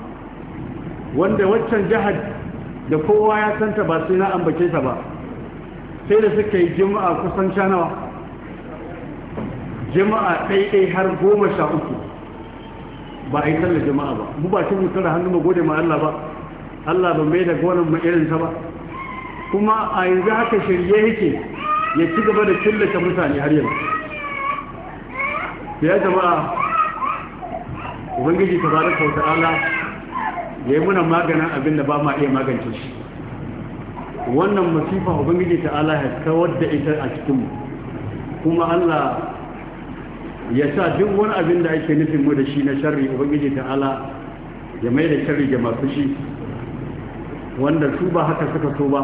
A: wanda waccan jihar da kowa ya santa ba sai na ambace ta ba sai da suka yi jima'a kusan shanawa jima'a ɗaiɗai har goma sha uku ba a yi talla jima'a ba mu ba shi mu tsara hannu mu gode ma Allah ba Allah ba mai da gonan mu irin ta ba kuma a yanzu haka shirye yake ya ci gaba da killace mutane har yanzu ya jama'a ubangiji tabaraka wa ta'ala ya yi muna maganin abin da ba ma iya magance shi wannan masifa ubangiji ala ya kawar da ita a cikinmu kuma allah ya sa duk wani abin da ake nufin mu da shi na sharri ubangiji ala ya mai da sharri ga masu shi wanda su ba haka suka so ba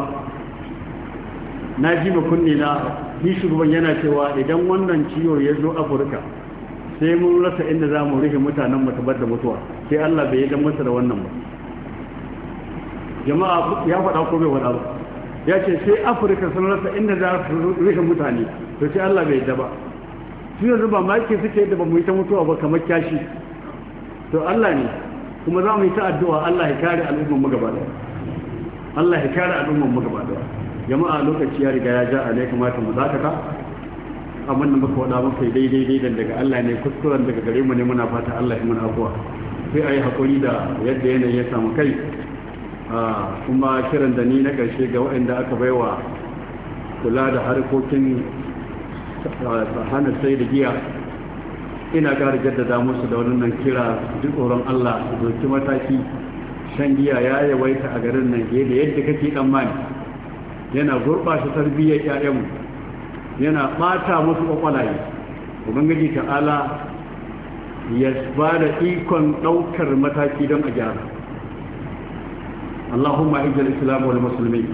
A: na ji ma kunne na shugaban yana cewa idan wannan ciwo ya zo afirka sai mun rasa inda za mu rufe mutanen mu tabbatar da mutuwa sai Allah bai yi dan masa da wannan ba jama'a ya faɗa ko bai faɗa ba ya ce sai afirka sun rasa inda za su rufe mutane to sai Allah bai yadda ba su yanzu ba ma yake suke da ba mu yi ta mutuwa ba kamar kyashi to Allah ne kuma za mu yi ta addu'a Allah ya kare al'ummar mu gaba Allah ya kare al'ummar mu gaba jama'a lokaci ya riga ya ja alai kamata mu zakata abin da muka wada muka yi daidai daidan daga Allah ne kuskuren daga gare mu ne muna fata Allah ya muna afuwa sai a yi hakuri da yadda yanayi ya samu kai kuma kiran da ni na ƙarshe ga waɗanda aka baiwa kula da harkokin hana sai da giya ina ƙara jaddada musu da wannan kira duk tsoron Allah su doki mataki shan giya ya yawaita a garin nan da yadda kake tsammani yana gurɓata tarbiyyar 'ya'yanmu yana ɓata musu kwakwalaye ubangiji ta'ala ya ba da ikon daukar mataki don a gyara allahumma ajal islam wal muslimin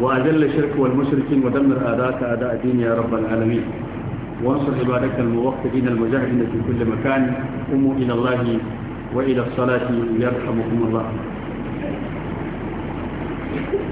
A: wa ajal shirk wal mushrikin wa damir adaka da addin ya rabbal alamin wa ansur ibadaka al muwaqqidin al mujahidin fi kulli makan ummu ila allah wa ila salati yarhamukum allah Thank you.